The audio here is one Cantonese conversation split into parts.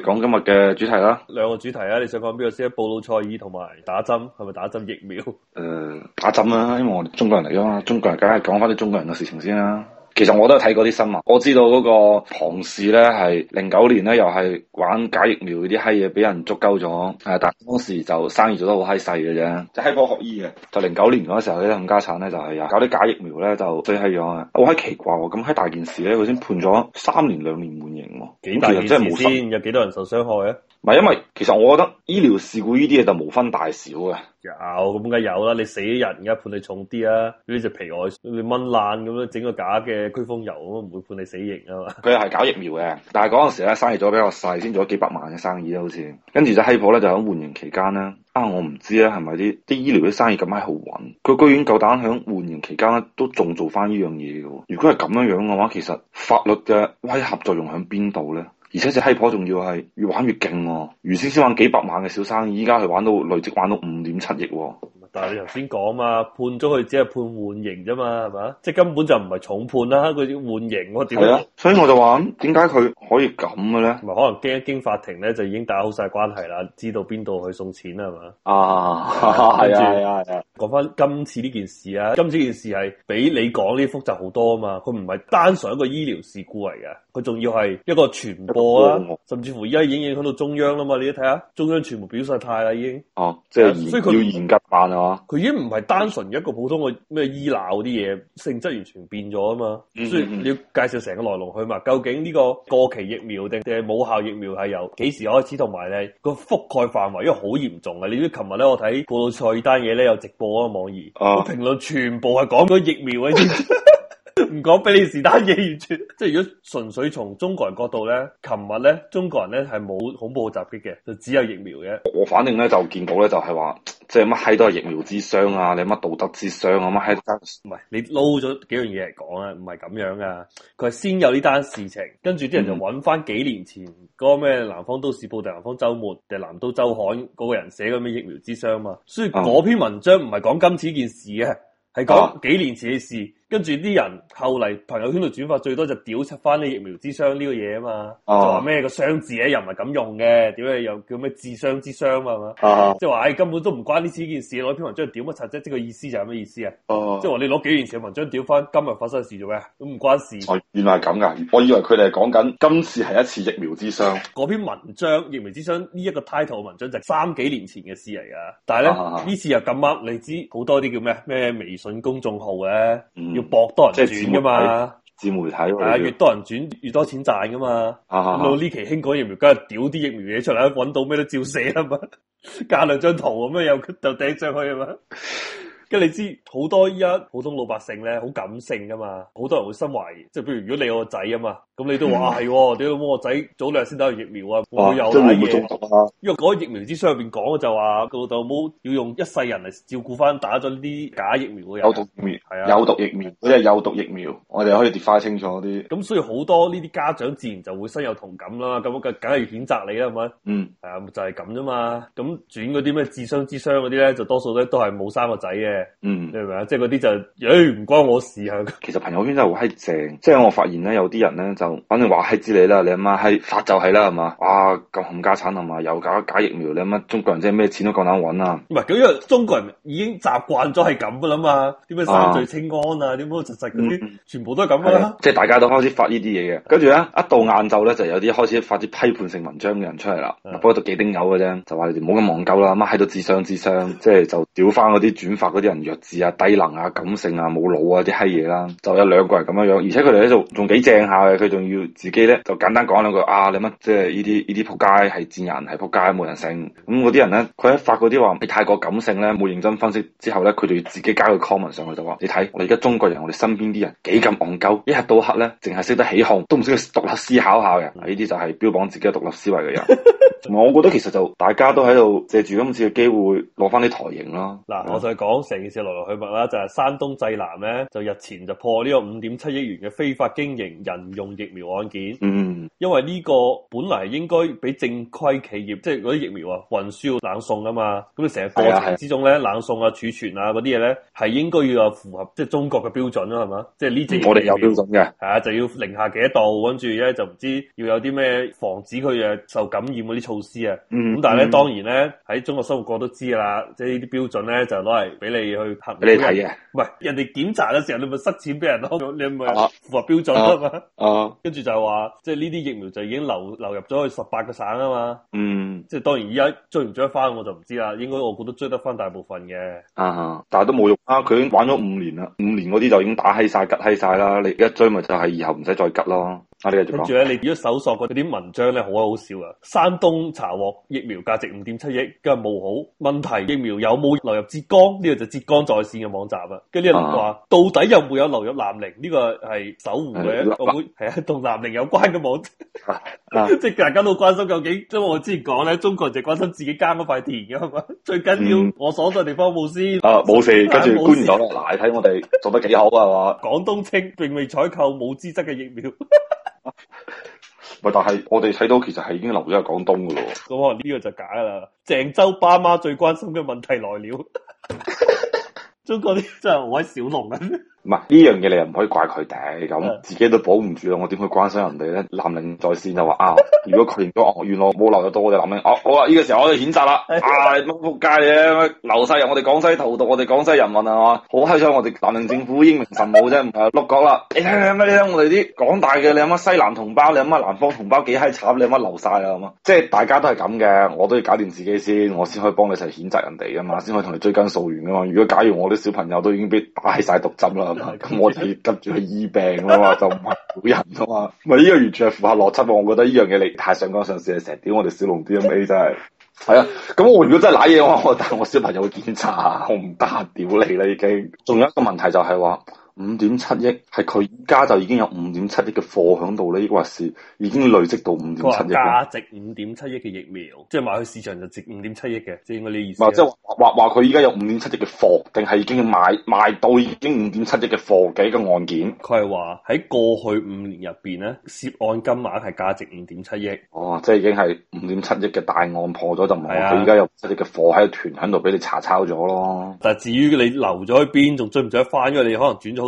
講今日嘅主題啦，兩個主題啊，你想講邊個先？布魯塞爾同埋打針，係咪打針疫苗？誒、呃，打針啊，因為我哋中國人嚟噶嘛，中國人梗係講翻啲中國人嘅事情先啦，啊。其實我都睇過啲新聞，我知道嗰個龐氏咧係零九年咧又係玩假疫苗嗰啲閪嘢，俾人捉鳩咗。係，但當時就生意做得好嗨細嘅啫，就閪科學醫嘅。就零九年嗰個時候咧，冚家鏟咧就係啊，搞啲假疫苗咧就最閪樣啊！我係奇怪喎，咁喺大件事咧，佢先判咗三年兩年緩刑喎。咁其實真係冇，有幾多人受傷害咧？唔係，因為其實我覺得醫療事故呢啲嘢就無分大小嘅。啊哦、有咁梗係有啦，你死人，而家判你重啲啊，呢隻皮外你掹爛咁樣，整個假嘅驅風油咁啊，唔會判你死刑啊嘛。佢係搞疫苗嘅，但係嗰陣時咧生意做得比較細，先做咗幾百萬嘅生意啦，好似。跟住就希普咧就喺緩刑期間啦。啊，我唔知啦，係咪啲啲醫療啲生意咁係好穩？佢居然夠膽喺緩刑期間都仲做翻呢樣嘢嘅。如果係咁樣樣嘅話，其實法律嘅威嚇作用響邊度咧？而且隻閪婆仲要係越玩越勁喎，啊，原先先玩幾百萬嘅小生意，而家係玩到累積玩到五點七億喎。但係你頭先講嘛，判咗佢只係判緩刑啫嘛，係嘛？即係根本就唔係重判啦，佢要緩刑，我點啊？所以我就話咁，點解佢可以咁嘅咧？唔係可能驚經法庭咧，就已經打好晒關係啦，知道邊度去送錢啦，係嘛？啊，係啊，係啊！講翻今次呢件事啊，今次件事係比你講呢複雜好多啊嘛！佢唔係單純一個醫療事故嚟嘅，佢仲要係一個傳播啦，甚至乎而家已經影響到中央啊嘛！你睇下，中央全部表晒態啦，已經哦，即係佢要嚴格辦啊！佢已經唔係單純一個普通嘅咩醫鬧啲嘢，性質完全變咗啊嘛，所以你要介紹成個來龍去脈。究竟呢個過期疫苗定係冇效疫苗係由幾時開始？同埋咧個覆蓋範圍，因為好嚴重啊！你知琴日咧，我睇《過度菜》單嘢咧有直播啊，網易評論全部係講咗疫苗啲。 唔講俾你是單嘢完全，即 係如果純粹從中國人角度咧，琴日咧中國人咧係冇恐怖襲擊嘅，就只有疫苗嘅。我反正咧就見到咧就係話，即係乜閪都係疫苗之傷啊！你乜道德之傷啊！乜閪唔係你撈咗幾樣嘢嚟講啊？唔係咁樣噶、啊，佢係先有呢單事情，跟住啲人就揾翻幾年前嗰咩南方都市報定南方周末定南都周刊嗰、嗰個人寫嗰咩疫苗之傷啊嘛，所以嗰篇文章唔係講今次呢件事啊，係講幾年前嘅事。跟住啲人後嚟朋友圈度轉發最多就屌出翻啲疫苗之傷呢個嘢啊嘛，啊就話咩個傷字咧又唔係咁用嘅，屌你又叫咩智商之傷啊？係咪即係話根本都唔關呢次這件事，攞篇文章屌乜柒啫？即係個意思就係咩意思啊？哦，即係話你攞幾件事嘅文章屌翻今日發生嘅事做咩？都唔關事。原來係咁噶，我以為佢哋係講緊今次係一次疫苗之傷。嗰 篇文章疫苗之傷呢一個 title 文章就係三幾年前嘅事嚟㗎，但係咧呢次又咁啱，你知好多啲叫咩咩微信公眾號嘅。啊嗯要搏多人轉噶嘛自，自媒體係，啊，越多人轉越多錢賺噶嘛。 到呢期興嗰疫苗，梗係屌啲疫苗嘢出嚟啊！揾到咩都照寫啊嘛， 加兩張圖咁樣又就掟上去啊嘛。 跟住你知好多依家普通老百姓咧好感性噶嘛，好多人會心懷疑，即係譬如如果你有個仔啊嘛，咁你都話係啲老母個仔早兩日先打疫苗啊，會中毒嘢、啊，因為嗰個疫苗之箱入邊講就話個老豆母要用一世人嚟照顧翻打咗呢啲假疫苗嘅有毒疫苗係啊，有毒疫苗，佢係、啊、有，有毒疫苗，我哋可以 declare 清楚啲。咁、嗯、所以好多呢啲家長自然就會身有同感啦，咁樣梗係要譴責你啦，係咪？嗯，係啊、嗯，就係咁啫嘛。咁轉嗰啲咩智商之商嗰啲咧，就多數咧都係冇生個仔嘅。嗯，你明嘛？即係嗰啲就誒、是、唔、欸、關我事吓。啊、其實朋友圈真係好閪正，即、就、係、是、我發現咧，有啲人咧就反正話閪知你啦，你阿媽係發就係啦，係嘛？啊，咁冚家產係嘛？又搞假，假疫苗，你阿媽中國人即係咩錢都夠膽搵啊？唔係，咁因為中國人已經習慣咗係咁噶啦嘛。點樣三聚氰胺啊？點樣、啊、實實嗰啲，嗯、全部都係咁啦。即係、就是、大家都開始發呢啲嘢嘅，跟住咧一到晏晝咧就有啲開始發啲批判性文章嘅人出嚟啦。不過都幾丁友嘅啫，就話你哋唔好咁忘舊啦，咁啊喺度智商智商，智商 即係就屌翻嗰啲轉發嗰啲。人弱智啊、低能啊、感性啊、冇腦啊啲閪嘢啦，就有兩個人咁樣樣，而且佢哋喺度仲幾正下嘅，佢仲要自己咧就簡單講兩句啊，你乜即係呢啲呢啲仆街係賤人係仆街冇人性，咁嗰啲人咧佢一發嗰啲話你太過感性咧，冇認真分析之後咧，佢仲要自己加個 comment 上去就話你睇我哋而家中國人我哋身邊啲人幾咁戇鳩，一日到黑咧淨係識得起哄，都唔識獨立思考下嘅，呢啲就係標榜自己獨立思維嘅人。我覺得其實就大家都喺度借住今次嘅機會攞翻啲台型咯。嗱，我就講成件事來來去去啦，就係、是、山東濟南咧，就日前就破呢個五點七億元嘅非法經營人用疫苗案件。嗯，因為呢個本嚟係應該俾正規企業，即係嗰啲疫苗啊運輸要冷送啊嘛，咁你成日過程之中咧、啊啊、冷送啊儲存啊嗰啲嘢咧係應該要啊符合即係中國嘅標準咯、啊，係嘛？即係呢啲我哋有標準嘅，係啊，就要零下幾多度，跟住咧就唔知要有啲咩防止佢啊受感染嗰啲。措施啊，咁、嗯、但係咧，嗯、當然咧，喺中國生活過都知啦，即係呢啲標準咧就攞嚟俾你去，俾你睇嘅、啊，唔係人哋檢查嘅時候，你咪塞錢俾人咯，你咪符合標準啊嘛、 啊。啊，跟住就係話，即係呢啲疫苗就已經流流入咗去十八個省啊嘛。嗯，即係當然而家追唔追得翻我就唔知啦。應該我覺得追得翻大部分嘅、啊。啊，但係都冇用啊！佢已經玩咗五年啦，五年嗰啲就已經打閪晒，吉閪晒啦。你一追咪就係以後唔使再吉咯。跟住咧，你如果搜索嗰啲文章咧，好好笑啊！山東查獲疫苗價值五點七億，跟住冇好問題，疫苗有冇流入浙江？呢、這個就浙江在線嘅網站啊，跟住你人話到底有冇有流入南寧？呢、這個係守護嘅，一係啊，同們、啊、南寧有關嘅網站、啊啊、 即係大家都關心究竟，即係我之前講咧，中國人就關心自己耕嗰塊田噶嘛，最緊要、嗯、我所在地方冇先啊，冇事，跟住官員落嚟，睇 我哋做得幾好啊嘛！廣 東稱並未採購冇資質嘅疫苗。 唔但係我哋睇到其實係已經留咗喺廣東噶咯。咁可能呢個就假噶啦。鄭州爸媽最關心嘅問題來了， 中國啲真係好威小農啊！呢樣嘢，你又唔可以怪佢哋，咁自己都保唔住啦。我點去關心人哋咧？南寧在先就話啊，如果佢認咗哦，原來冇留得多，我哋南寧，我我話呢個時候我哋譴責啦，啊乜撲街嘅，留晒入我哋廣西投毒，我哋廣西人民啊，好閪想我哋南寧政府英明神武啫，唔、啊、係碌葛啦、哎。你睇下乜咧？我哋啲廣大嘅，你有乜西南同胞，你有乜南方同胞幾閪慘？你乜留晒啊？咁啊，即係大家都係咁嘅，我都要搞掂自己先，我先可以幫你一齊譴責人哋噶嘛，先可以同你追根溯源噶嘛。如果假如我啲小朋友都已經俾打晒毒針啦。咁、 嗯、我哋急住去醫病啊嘛，就唔係好人啊嘛，係、這、呢個完全係符合邏輯喎。我覺得呢樣嘢你太上綱上線，成日屌我哋小龍 D M A 真係，係啊。咁、嗯、我如果真係瀨嘢嘅話，我帶我小朋友去檢查，我唔得屌你啦已經你。仲有一個問題就係話。五點七億係佢依家就已經有五點七億嘅貨響度呢，抑或是已經累積到五點七億。價值五點七億嘅疫苗，即係賣去市場就值五點七億嘅，即係我哋意思。即係話話佢依家有五點七億嘅貨，定係已經賣賣到已經五點七億嘅貨嘅一個案件。佢係話喺過去五年入邊咧，涉案金額係價值五點七億。哦，即係已經係五點七億嘅大案破咗就唔係，佢依家有五點七億嘅貨喺度團喺度俾你查抄咗咯。但係至於你留咗喺邊，仲追唔追得翻？因為你可能轉咗。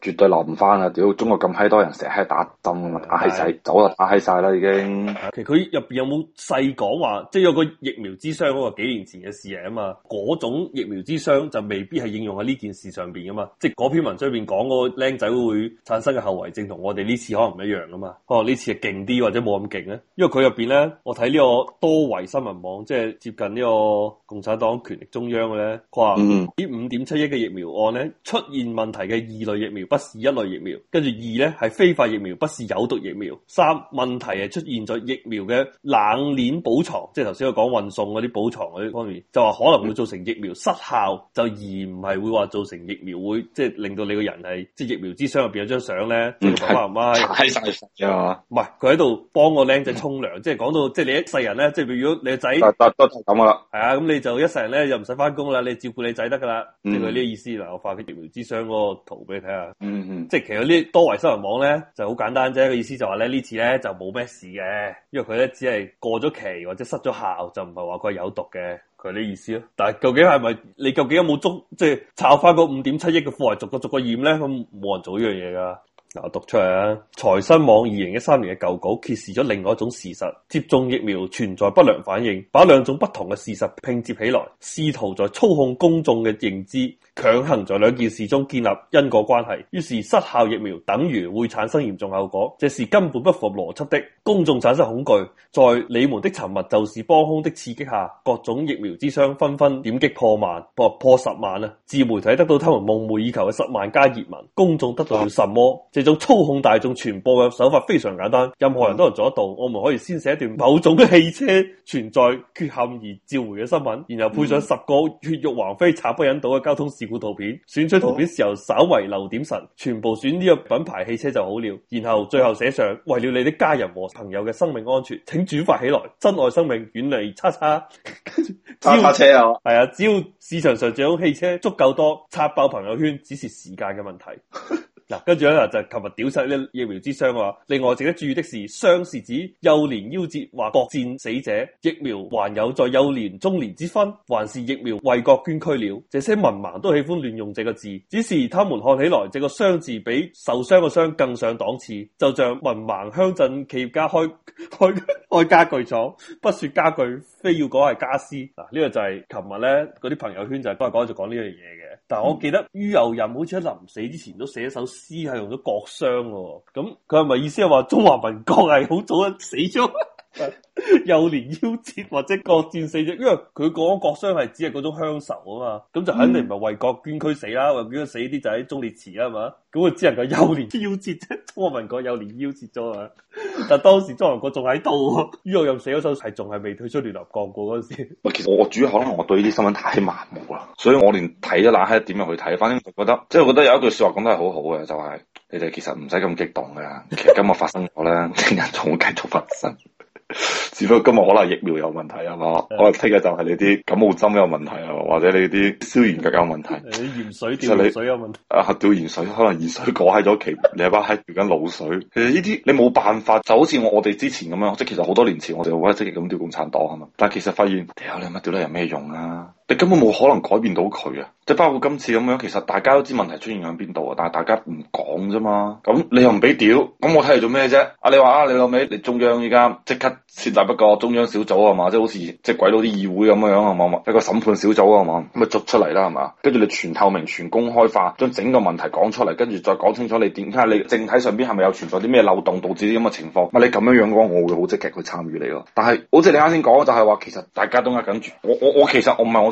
絕對留唔翻啦！屌，中國咁閪多人成日喺度打針啊嘛，打閪曬， 走就打閪曬啦已經。其實佢入邊有冇細講話，即係有個疫苗之傷嗰、嗰個幾年前嘅事啊嘛，嗰種疫苗之傷就未必係應用喺呢件事上邊噶嘛。即係嗰篇文章入邊講嗰個僆仔會產生嘅後遺症同我哋呢次可能唔一樣噶嘛。哦、啊，呢次係勁啲或者冇咁勁咧？因為佢入邊咧，我睇呢個多維新聞網，即係接近呢個共產黨權力中央嘅咧，佢話呢五點七億嘅疫苗案咧出現問題嘅二類疫苗。不是一類疫苗，跟住二咧係非法疫苗，不是有毒疫苗。三問題係出現咗疫苗嘅冷鏈補藏，即係頭先我講運送嗰啲補藏嗰啲方面，就話可能會造成疫苗失效，就、嗯、而唔係會話造成疫苗會即係、就是、令到你個人係即係疫苗之殤入邊有張相咧。嗯，係，睇曬是，係嘛是？唔係佢喺度幫個僆仔沖涼，即係講到即係你一世人咧，即係譬如果你個仔，都都係咁啦，係啊，咁你就一世人咧又唔使翻工啦，你照顧你仔得噶啦，即係佢呢個意思嗱，我發啲疫苗之殤嗰個圖俾你睇下。嗯嗯，即係其實呢多維新聞網咧就好簡單啫，個意思就話咧，呢次咧就冇咩事嘅，因為佢咧只係過咗期或者失咗效，就唔係話佢有毒嘅，佢啲意思咯。但係究竟係咪你究竟有冇捉即係炒翻個五點七億嘅貨係逐個逐個驗咧？咁冇人做呢樣嘢噶。嗱，讀出嚟啊！財新網二零一三年嘅舊稿揭示咗另外一種事實：接種疫苗存在不良反應。把兩種不同嘅事實拼接起來，試圖在操控公眾嘅認知，強行在兩件事中建立因果關係。於是失效疫苗等於會產生嚴重後果，這是根本不符合邏輯的。公眾產生恐懼，在你們的沉默就是幫凶的刺激下，各種疫苗之殤紛紛點擊破萬，破破十萬啊！自媒體得到他們夢寐以求嘅十萬加熱文，公眾得到了什麼？這種操控大眾傳播嘅手法非常簡單，任何人都能做得到。我們可以先寫一段某種嘅汽車存在缺陷而召回嘅新聞，然後配上十個血肉橫飛、慘不忍睹嘅交通事故圖片，選出圖片時候稍為留點神，全部選呢個品牌汽車就好了。然後最後寫上：為了你的家人和朋友嘅生命安全，請轉發起來，珍愛生命，遠離叉叉。燒 要車啊！係啊！只要市場上這種汽車足夠多，刷爆朋友圈只是時間嘅問題。 嗱，跟住咧就係琴日屌晒啲疫苗之殤話，另外值得注意的是，殤是指幼年夭折或國戰死者，疫苗還有在幼年、中年之分，還是疫苗為國捐軀了？這些文盲都喜歡亂用這個字，只是他們看起來這個“殤”字比受傷嘅“傷”更上檔次，就像文盲鄉鎮企業家開開開傢俱廠，不說家具，非要講係家私。嗱、啊，呢、這個就係琴日咧嗰啲朋友圈就係講下講就講呢樣嘢嘅。但我記得于右任好似喺臨死之前都寫一首詩係用咗國殤喎，咁佢係咪意思係話中華民國係好早一死咗？ 幼年夭折或者各戰死咗，因為佢講國殤係只係嗰種鄉愁啊嘛，咁就肯定唔係為國捐軀死啦，為捐軀死啲就喺忠烈祠啊嘛，咁佢只能夠幼年夭折啫。張文國幼年夭折咗啊， 但當時周文國仲喺度啊，于右任死嗰時候係仲係未退出聯合國嗰陣時。 其實我主要可能我對呢啲新聞太麻木啦，所以我連睇都懶閪一點入去睇，反正覺得即係、就是、我覺得有一句說話講得係好好嘅，就係、是、你哋其實唔使咁激動噶，其實今日發生咗咧，聽日仲會繼續發生。 只不過今日可能疫苗有問題啊嘛，是的 可能聽日就係你啲感冒針有問題啊嘛，或者你啲消炎藥有問題。你鹽、欸、水吊鹽水有問題。啊，吊鹽水，可能鹽水過喺咗期，你阿媽喺吊緊滷水。其實呢啲你冇辦法，就好似我哋之前咁樣，即係其實好多年前我哋會積極咁吊共產黨啊嘛。但係其實發現，屌你乜吊得有咩用啊？你根本冇可能改變到佢啊！即係包括今次咁樣，其實大家都知問題出現響邊度啊，但係大家唔講啫嘛。咁你又唔俾屌，咁我睇嚟做咩啫？啊，你話啊，你老尾，你中央依家即刻設立一個中央小組啊嘛，即係好似即係鬼佬啲議會咁樣啊嘛，一個審判小組啊嘛，咁咪捉出嚟啦係嘛？跟住你全透明、全公開化，將整個問題講出嚟，跟住再講清楚你點睇下你政體上邊係咪有存在啲咩漏洞，導致啲咁嘅情況？唔、啊、你咁樣樣嘅話，我會好積極去參與你咯。但係好似你啱先講，就係、是、話其實大家都壓緊住，我我我，我其實我唔係我。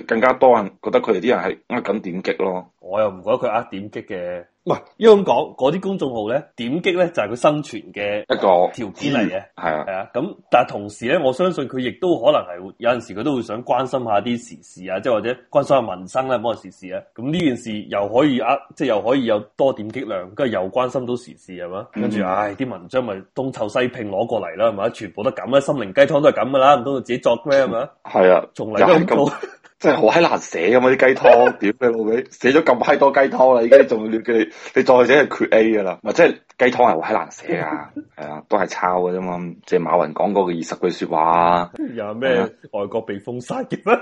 更加多人覺得佢哋啲人係呃緊點擊咯，我又唔覺得佢呃點擊嘅，唔係香港嗰啲公眾號咧點擊咧就係佢生存嘅一個條件嚟嘅，係啊，係啊的，咁但係同時咧，我相信佢亦都可能係有陣時佢都會想關心下啲時事啊，即係或者關心下民生啦、啊，唔冇話時事啊，咁呢件事又可以呃，即係又可以有多點擊量，跟住又關心到時事係嘛，跟住唉啲文章咪東湊西拼攞過嚟啦係咪？全部都咁啊，心靈雞湯都係咁噶啦，唔通自己作咩係嘛？係啊，從嚟都咁。真係好閪難寫噶嘛，啲雞湯，屌你老味，寫咗咁閪多雞湯啦，而家仲要你你再寫係缺 A 噶啦，咪即係雞湯係好閪難寫噶，係啊， 都係抄嘅啫嘛，即係馬雲講過嘅二十句說話有咩外國被封殺嘅咩？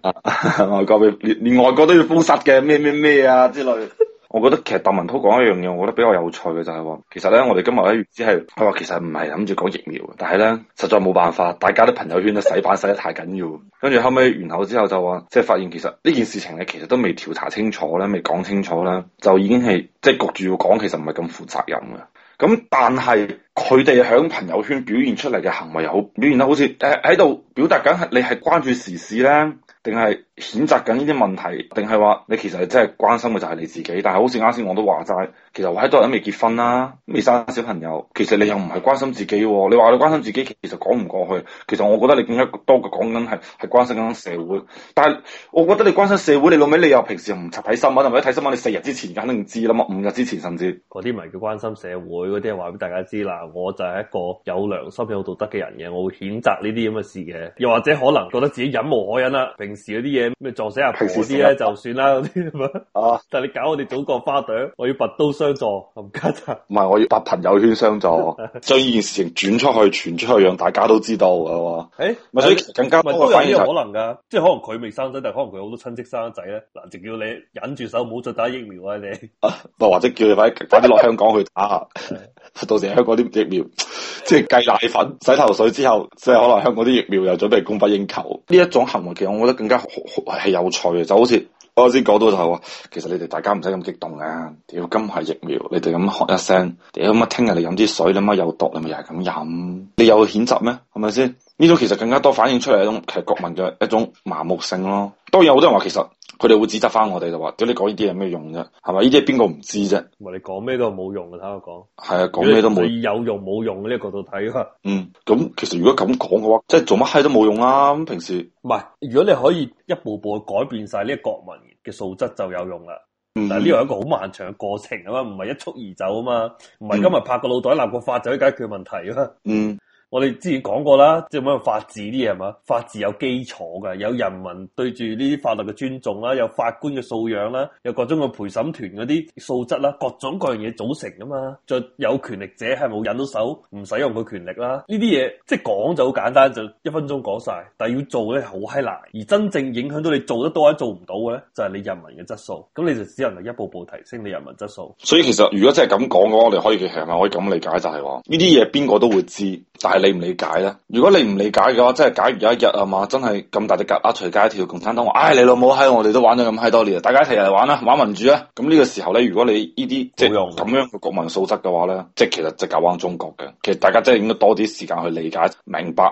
啊，外國被連外國都要封殺嘅咩咩咩啊之類。我覺得其實鄧文濤講一樣嘢，我覺得比較有趣嘅就係話，其實咧我哋今日咧只係，佢話其實唔係諗住講疫苗，但係咧實在冇辦法，大家啲朋友圈都洗版洗得太緊要，跟住後尾，然後之後就話，即係發現其實呢件事情咧其實都未調查清楚咧，未講清楚咧，就已經係即係焗住要講，其實唔係咁負責任嘅。咁但係佢哋喺朋友圈表現出嚟嘅行為又好，表現得好似誒喺度表達緊係你係關注時事咧。定係譴責緊呢啲問題，定係話你其實真係關心嘅就係你自己，但係好似啱先我都話齋，其實我喺度都未結婚啦、啊，未生小朋友，其實你又唔係關心自己喎、啊。你話你關心自己，其實講唔過去。其實我覺得你更加多嘅講緊係係關心緊社會，但係我覺得你關心社會，你老尾你又平時又唔睇新聞，唔係睇新聞你四日之前肯定知啦嘛，五日之前甚至嗰啲唔係叫關心社會嗰啲，話俾大家知啦。我就係一個有良心有道德嘅人嘅，我會譴責呢啲咁嘅事嘅，又或者可能覺得自己忍無可忍啦、啊。平時嗰啲嘢咩撞死人，嗰啲咧就算啦，嗰啲咁樣啊。 但係你搞我哋祖國花朵，我要拔刀相助，唔得啊！唔係我要拔朋友圈相助，將呢 件事情轉出去、傳出去，讓大家都知道啊！誒，咪、欸、所以的更加我反而可能噶，即係可能佢未生仔，但係可能佢好多親戚生仔咧。嗱，就叫你忍住手，唔好再打疫苗啊！你、啊、 或者叫你快啲快啲落香港去打下， 到時香港啲疫苗，即係計奶粉、洗頭水之後，即係可能香港啲疫苗又準備供不應求。呢一種行為，其實我覺得。更加係有趣嘅，就好似我頭先講到就係話，其實你哋大家唔使咁激動啊！屌今係疫苗，你哋咁學一聲，屌乜聽日你飲啲水，你乜有毒，你咪又係咁飲，你有譴責咩？係咪先？呢種其實更加多反映出嚟一種其實國民嘅一種麻木性咯。當然好多人話其實。佢哋會指責翻我哋就話、是，屌你講呢啲有咩用啫？係咪？呢啲係邊個唔知啫？係你講咩都冇用嘅，睇我講。係啊，講咩都冇。有用冇用呢、啊？一個度睇啦。嗯，咁其實如果咁講嘅話，即、就、係、是、做乜閪都冇用啦、啊。咁平時唔係，如果你可以一步步改變晒呢個國民嘅素質就有用啦。嗯、但係呢個係一個好漫長嘅過程啊嘛，唔係一蹴而就啊嘛，唔係今日拍個腦袋、嗯、立個法就可以解決問題啊。嗯。我哋之前講過啦，即係咩法治啲嘢係嘛？法治有基礎噶，有人民對住呢啲法律嘅尊重啦，有法官嘅素養啦，有各種嘅陪審團嗰啲素質啦，各種各樣嘢組成噶嘛。就有，有權力者係冇忍到手，唔使用個權力啦，呢啲嘢即係講就好簡單，就一分鐘講晒。但係要做咧，好閪難。而真正影響到你做得多或做唔到嘅咧，就係、係、你人民嘅質素。咁你就只能係一步步提升你人民質素。所以其實如果真係咁講嘅話，我哋可以係咪可以咁理解就係話呢啲嘢邊個都會知。但係你唔理解咧，如果你唔理解嘅話，即係假如有一日啊嘛，真係咁大隻蛤，阿、啊、除街跳共產黨話，唉、哎，你老母喺我哋都玩咗咁閪多年，大家一齊嚟玩啦，玩民主啦。咁、嗯、呢、呢個時候咧，如果你呢啲即係咁樣嘅國民素質嘅話咧，即係其實就搞翻中國嘅。其實大家真係應該多啲時間去理解、明白。